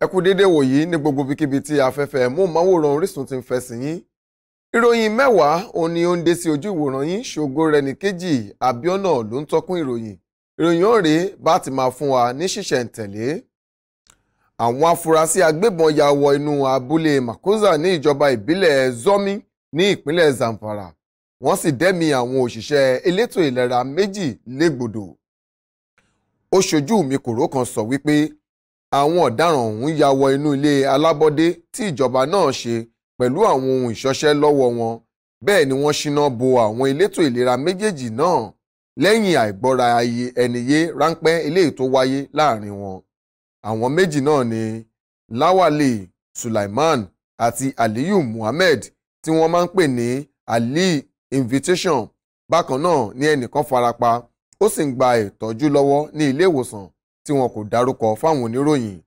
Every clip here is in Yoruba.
ẹ kú dédé wòyí ní gbogbo bíkíbi tí afẹ́fẹ́ móhùnmáwòrán Orísun ti ń fẹ́ sí yín ìròyìn mẹ́wàá òun ni ó ń dé sí ojú ìwòran yín ṣògo rẹ̀ ní kejì Àbíọ́nà ló ń tọ́kún ìròyìn ìròyìn ọ̀rẹ́ bá ti máa fún wa ní ṣísẹ̀ntẹ̀lé àwọn afurasí agbébọn ya wọ inú abúlé Makosa ní ìjọba ìbílẹ̀ Zomi ní ìpínlẹ̀ Zamfara wọ́n sì dẹ́mi àwọn òṣìṣẹ́ elétò ìlera méjì légbodò ó ṣojú mi kòró kan sọ wípé àwọn ọ̀daràn ọ̀hún ya wọ inú ilé alábọ́dé tí ìjọba náà ṣe pẹ̀lú àwọn ohun ìṣọṣẹ́ lọ́wọ́ wọn bẹ́ẹ̀ ni wọ́n ṣíná bo àwọn elétò ìlera méjèèjì náà lẹ́yìn àìgbọ́ra ayé ẹniyé ráńpẹ́ eléyìí tó wáyé láàrin wọn àwọn méjì náà ni Lawale Sulaiman àti Aliyu Muhammed tí wọ́n máa ń pè ní Ali Invitation bákan náà ni ẹnìkan farapa ó sì ń gba ìtọ́jú lọ́wọ́ ní ilé ìwòsàn tí wọn kò dárúkọ fáwọn oníròyìn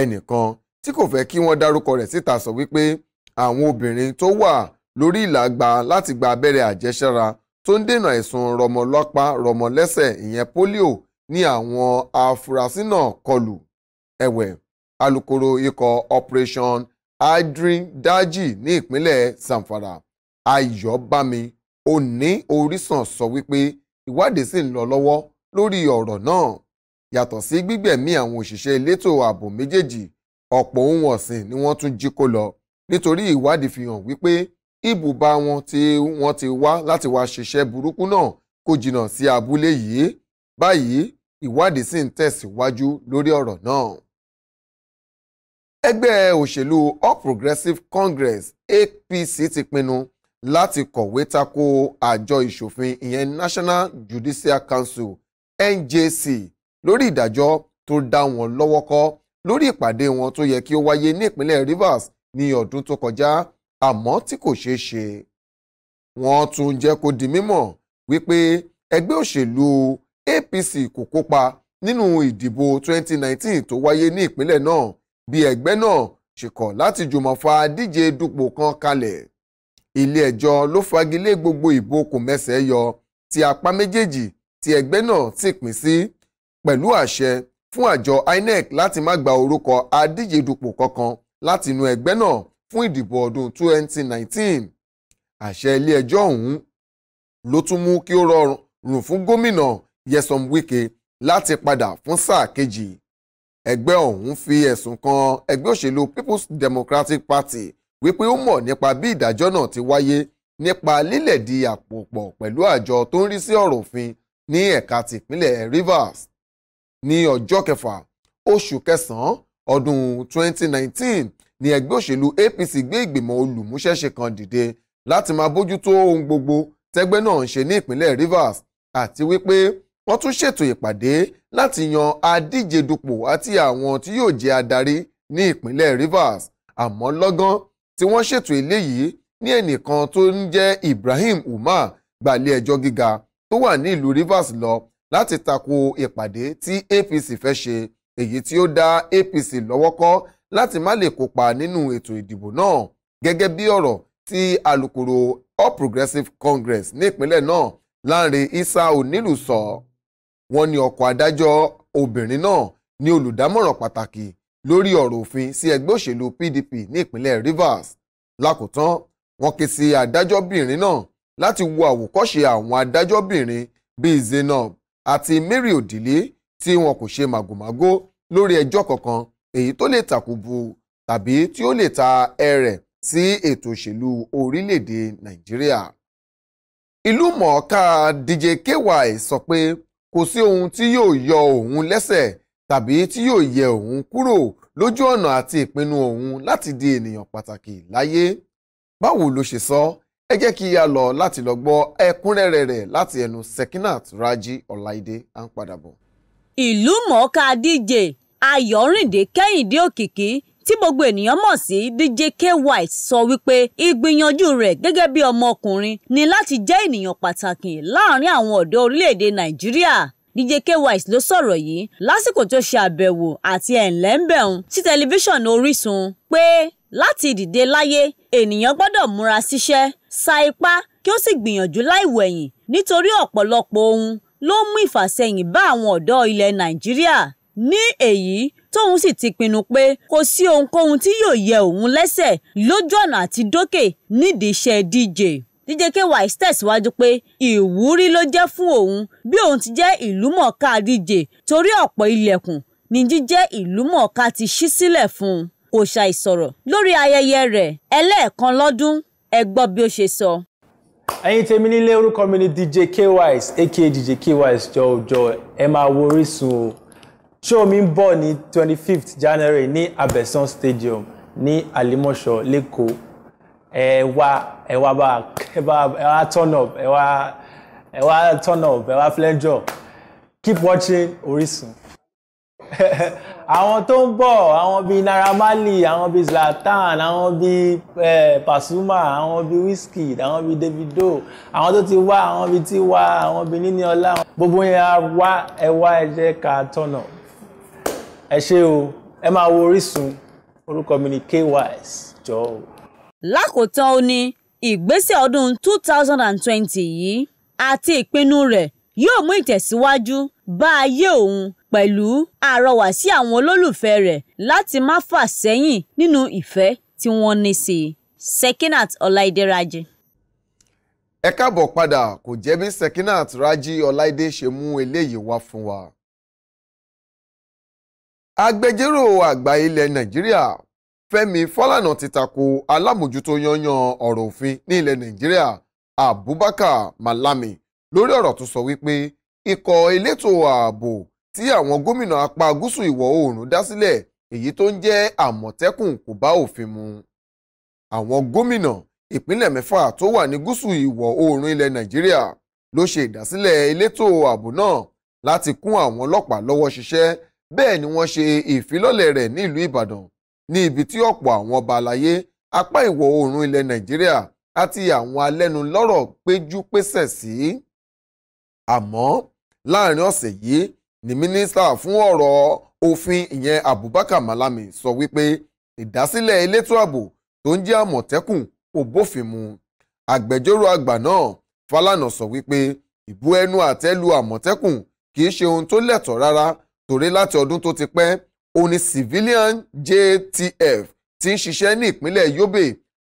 ẹnìkan tí kò fẹ́ kí wọ́n dárúkọ rẹ̀ síta sọ wípé àwọn obìnrin tó wà lórí ìlàgbà láti gba abẹ́rẹ́ àjẹsára tó ń dènà àìsàn rọmọlọ́pá rọmọlẹ́sẹ̀ ìyẹn pólíò ní àwọn afurasí náà kọlù ẹ̀wẹ̀ alukoro ikọ̀ operation adrin daji ní ìpínlẹ̀ Zamfara Ayọ̀bámi Oní Orísàn sọ wípé ìwádìí sì ń lọ lọ́wọ́ lórí ọ̀rọ̀ náà yàtọ̀ sí gbígbẹ̀mí àwọn òṣìṣẹ́ elétò ààbò méjèèjì ọ̀pọ̀ ohun ọ̀sìn ni wọ́n tún jí kó lọ nítorí ìwádìí fi hàn wípé ibùba wọn tí wọ́n ti wá láti wá ṣiṣẹ́ burúkú náà kò jìnnà sí abúlé yìí báyìí ìwádìí sì ń tẹ̀síwájú lórí ọ̀rọ̀ náà. ẹgbẹ́ òṣèlú All Progressives Congress APC ti pinnu láti kọ̀wé tako àjọ ìṣòfin ìyẹn National Judicial Council NJC lórí ìdájọ́ tó dá wọn lọ́wọ́ kọ́ lórí ìpàdé wọn tó yẹ kí ó wáyé ní ìpínlẹ̀ Rivers ní ọdún tó kọjá àmọ́ tí kò ṣeé ṣe. wọ́n tún jẹ́ kó di mímọ̀ wípé ẹgbẹ́ òṣèlú APC kò kópa nínú ìdìbò 2019 tó wáyé ní ìpínlẹ̀ náà bí ẹgbẹ́ náà ṣe kọ̀ láti jùmọ̀ fa díje dupò kan kalẹ̀. ilé ẹjọ́ ló fagilé gbogbo ìbò kò mẹ́sẹ̀ yọ tí apá méjèèjì tí ẹgbẹ́ náà ti pín sí. Si pẹ̀lú àṣẹ fún àjọ INEC láti má gba orúkọ adíjedupò kankan láti inú ẹgbẹ́ náà fún ìdìbò ọdún 2019 àṣẹ ilé ẹjọ́ ọ̀hún ló tún mú kí ó rọrùn fún gómìnà Nyesom Wike láti padà fún sáà kejì ẹgbẹ́ ọ̀hún fi ẹ̀sùn kan ẹgbẹ́ òṣèlú People's Democratic Party wípé ó mọ̀ nípa bí ìdájọ́ náà ti wáyé nípa lílẹ̀dí àpò pọ̀ pẹ̀lú àjọ tó ń rí sí ọ̀rọ̀ òfin ní ẹ̀ka tìpínlẹ̀ Rivers ní ọjọ́ kẹfà oṣù kẹsàn-án ọdún 2019 ni ẹgbẹ́ òṣèlú APC gbé ìgbìmọ̀ olùmúṣẹ́ṣe kan dìde láti máa bójú tó ohun gbogbo tẹ́gbẹ́ náà ń ṣe ní ìpínlẹ̀ Rivers àti wípé wọ́n tún ṣètò ìpàdé láti yan adíje dupò àti àwọn tí yóò jẹ́ adarí ní ìpínlẹ̀ Rivers àmọ́ lọ́gán tí wọ́n ṣètò eléyìí ní ẹnìkan tó ń jẹ́ Ibrahim Umar gbalé ẹjọ́ gíga tó wà ní ìlú Rivers lọ láti tako ìpàdé tí APC fẹ́ ṣe èyí tí ó dá APC lọ́wọ́ kọ́ láti má lè kópa nínú ètò ìdìbò náà gẹ́gẹ́ bí ọ̀rọ̀ tí alukoro All Progressives Congress ní ìpínlẹ̀ náà Lánrè Isa Onílù sọ wọ́n ní ọkọ̀ adájọ́ obìnrin náà ní olùdámọ̀ràn pàtàkì lórí ọ̀rọ̀ òfin sí ẹgbẹ́ òṣèlú PDP ní ìpínlẹ̀ Rivers lákòótán wọ́n ké sí adájọ́bìnrin náà láti wo àwòkọ́ṣe àwọn adájọ́bìnrin bíi Zainab àti Mary Odile tí wọn kò ṣe màgòmágó lórí ẹjọ́ kankan èyí tó lè tàkùbù tàbí tí ó lè ta ẹrẹ̀ sí ètò òṣèlú orílẹ̀-èdè Nàìjíríà. Ìlú mọ̀ọ́ká DJ KY sọ pé kò sí ohun tí yóò yọ òun lẹ́sẹ̀ tàbí tí yóò yẹ òun kúrò lójú ọ̀nà àti ìpinnu òun láti di ènìyàn pàtàkì láyé. Báwo ló ṣe sọ? So? ẹ jẹ́ kí a lọ láti lọ gbọ́ ẹ̀kúnrẹ́rẹ́ rẹ̀ láti ẹnu Sekinat Raji Ọláìdé à ń padà bọ̀. ìlú mọ̀ọ́ká DJ Ayọ̀rìndé Kẹ́hìndé Òkìkí tí gbogbo ènìyàn mọ̀ sí DJ K-White sọ wípé ìgbìyànjú rẹ̀ gẹ́gẹ́ bí ọmọkùnrin ni láti jẹ́ ènìyàn pàtàkì láàrin àwọn ọ̀dọ́ orílẹ̀-èdè Nàìjíríà DJ K-White ló sọ̀rọ̀ yìí lásìkò tó ṣe àbẹ̀wò àti ẹ̀ńlẹ́ńbẹ̀hún sí tẹlifíṣàn Orísun pé láti dìde láyé ènìyàn gbọ́dọ̀ múra síṣẹ́ sa ipá kí ó sì gbìyànjú láìwẹ̀yìn nítorí ọ̀pọ̀lọpọ̀ ohun ló mú ìfàsẹ́yìn bá àwọn ọ̀dọ́ ilẹ̀ Nàìjíríà ní èyí tóun sì ti pinnu pé kò sí ohunkóhun tí yóò yẹ òun lẹ́sẹ̀ lójú ọ̀nà àti dókè nídìí DJ. DJ Kaywise tẹ̀síwájú pé ìwúrí ló jẹ́ fún òun bí òun ti jẹ́ ìlúmọ̀ọ́ká DJ torí ọ̀pọ̀ ilẹ̀kùn ní jíjẹ́ ìlúmọ̀ọ́ká ti ṣí sílẹ̀ fún un kò ṣàìsọ̀rọ̀ lórí ayẹyẹ rẹ̀ ẹlẹ́ẹ̀kan lọ́dún ẹ gbọ́ bí ó ṣe sọ. ẹ̀yin tèmi nílé orúkọ mi ni DJ Kwise aka DJ Kwise jọjọ ẹ máa wo Orísun o show mi ń bọ̀ ní twenty fifth January ní Abẹ́sán Stadium ní Àlímọ̀ṣọ́ lẹ́kọ̀ọ́ ẹ wá ẹ wá bá ẹ bá ẹ wá turn up ẹ wá ẹ wá turn up ẹ wá flenjọ keep watching Orísun. àwọn tó ń bọ̀ àwọn bíi Naira Marley àwọn bíi Zlatan àwọn bíi eh, Pasuma àwọn bíi Wizkid àwọn bíi Davido àwọn tó ti wá àwọn bíi Tiwa àwọn bíi Niniola gbogbo yẹn á wá ẹ wá ẹ jẹ́ ká tọ̀nà ẹ ṣé o ẹ máa wo Orísun orúkọ mi ni Kaywise jọ o. lákòótán ó ní ìgbésẹ̀ ọdún two thousand and twenty yìí àti ìpinnu rẹ̀ yóò mú ìtẹ̀síwájú bá ayé òun pẹ̀lú àrọwà sí àwọn olólùfẹ́ rẹ̀ láti má fà sẹ́yìn nínú ìfẹ́ tí wọ́n ní sí i. Sekinat Ọláìdé Rájí. ẹ káàbọ̀ padà kò jẹ́ bí Sekinat Rájí Ọláìdé ṣe mú eléyìí wá fún wa. agbẹjọ́rò àgbà ilẹ̀ Nàìjíríà Fẹ́mi Fálànà ti tako alámòjútó yanyan ọ̀rọ̀ òfin ní ilẹ̀ Nàìjíríà Abubakar Malami lórí ọ̀rọ̀ tó sọ wípé ikọ̀ elétò ààbò tí àwọn gómìnà apá gúúsù ìwọ̀ oòrùn dá sílẹ̀ èyí tó ń jẹ́ àmọ̀tẹ́kùn kò bá òfin mu. àwọn gómìnà ìpínlẹ̀ mẹ́fà tó wà ní gúúsù ìwọ̀ oòrùn ilẹ̀ nàìjíríà ló ṣe ìdásílẹ̀ elétò ààbò náà láti kún àwọn ọlọ́pàá lọ́wọ́ ṣiṣẹ́ bẹ́ẹ̀ ni wọ́n ṣe ìfilọ́lẹ̀ rẹ̀ nílùú ìbàdàn ní ibi tí ọ̀pọ̀ àwọn ọba aláyé apá ìwọ̀ oòrùn ilẹ̀ nàìjíríà àti àwọn alẹ́nulọ́rọ̀ péjú pésẹ̀ sí. àmọ́ láàrin ọ̀sẹ̀ yìí Ni mínísítà fún ọ̀rọ̀ òfin ìyẹn Abubakar Malami sọ wípé ìdásílẹ̀ elétò ààbò tó ń jẹ́ Àmọ̀tẹ́kùn ò bófin mu agbẹjọ́rò àgbà náà Fálànà sọ wípé ìbú ẹnu àtẹ́ lu Àmọ̀tẹ́kùn kì í ṣe ohun tó lẹ́tọ̀ọ́ rárá torí láti ọdún tó ti pẹ́ ó civilian JTF ti ń ṣiṣẹ́ ní ìpínlẹ̀ Yobe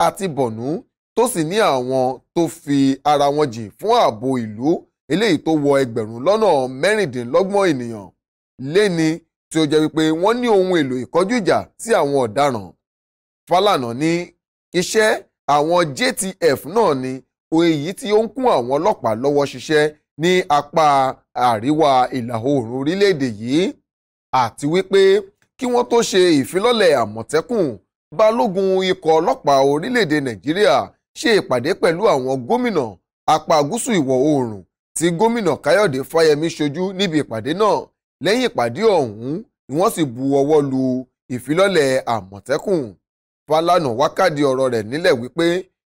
àti Borno tó sì ní àwọn tó fi ara wọn jìn fún ààbò ìlú eléyìí tó wọ ẹgbẹ̀rún lọ́nà mẹ́rìndínlọ́gbọ̀n ènìyàn léni tí ó jẹ́ wípé wọ́n ní ohun èlò ìkọjú ìjà sí àwọn ọ̀daràn. Fálànà ní iṣẹ́ àwọn JTF náà ni èyí tí ó ń kún àwọn ọlọ́pàá lọ́wọ́ ṣiṣẹ́ ní apá àríwá ìlà oòrùn orílẹ̀-èdè yìí àti wípé kí wọ́n tó ṣe ìfilọ́lẹ̀ àmọ̀tẹ́kùn balógun ikọ̀ ọlọ́pàá orílẹ̀-èdè Nàìjíríà ṣe ìpàdé pẹ̀lú àwọn gómìnà apá gúúsù ìwọ̀ oòrùn tí gómìnà káyọ̀dé fáyẹmí ṣojú níbi ìpàdé náà lẹ́yìn ìpàdé ọ̀hún ni wọ́n sì bu ọwọ́ lu ìfilọ́lẹ̀ àmọ̀tẹ́kùn falana wákàdí ọ̀rọ̀ rẹ̀ nílẹ̀ wípé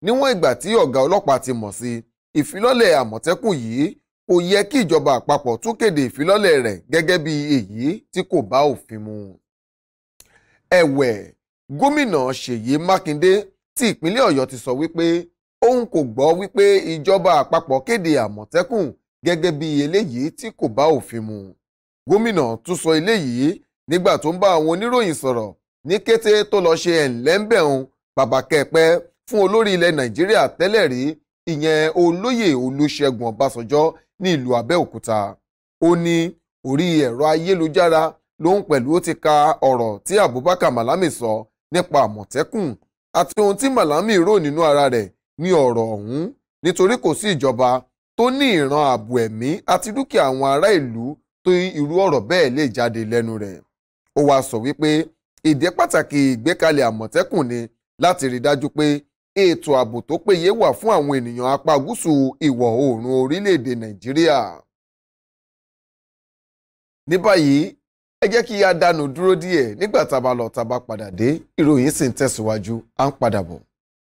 níwọ̀n ìgbà tí ọ̀gá ọlọ́pàá ti mọ̀ sí ìfilọ́lẹ̀ àmọ̀tẹ́kùn yìí kò yẹ kí ìjọba àpapọ̀ tún kéde ìfilọ́lẹ̀ rẹ̀ gẹ́gẹ́ bí èyí tí kò bá òfin mu. ẹ̀wẹ̀ gómìnà ṣèyí mákindé ti ìpínlẹ̀ ọ̀yọ́ ti sọ wípé òun kò gbọ́ wípé ìjọba àpapọ̀ kéde àmọ̀tẹ́kùn gẹ́gẹ́ bí eléyìí tí kò bá òfin mu gómìnà tún sọ eléyìí nígbà tó ń bá àwọn oníròyìn sọ̀rọ̀ ní kété tó lọ ṣe ẹ̀ńlẹ́ńbẹ̀hún bàbá kẹpẹ́ fún olórí ilẹ̀ nàìjíríà tẹ́lẹ̀ rí ìyẹn olóyè olúṣẹ́gun ọbásanjọ́ ní ìlú abẹ́òkúta ó ní orí ẹ̀rọ ayélujára lòun pẹ̀lú ó ti ka ọ̀rọ̀ tí abubakar malami sọ nípa àmọ̀tẹ́kùn àti ohun tí malami rò nínú ara rẹ̀ ní ọ̀rọ̀ ọ̀hún nítorí kò sí ìjọba tó ní ìran ààbò ẹ̀mí àti dúkìá àwọn ará ìlú tó irú ọ̀rọ̀ bẹ́ẹ̀ lè jáde lẹ́nu rẹ̀. ó wáá sọ wípé ìdí pàtàkì ìgbékalẹ̀ àmọ̀tẹ́kùn ni láti rí dájú pé ètò ààbò tó péye wà fún àwọn ènìyàn apá gúúsù ìwọ̀ oòrùn orílẹ̀-èdè nàìjíríà. ní báyìí ẹ jẹ́ kí a dúró díẹ̀ nígbà tá a dé ìròyìn sì ń tẹ̀síwájú à ń padà bọ̀.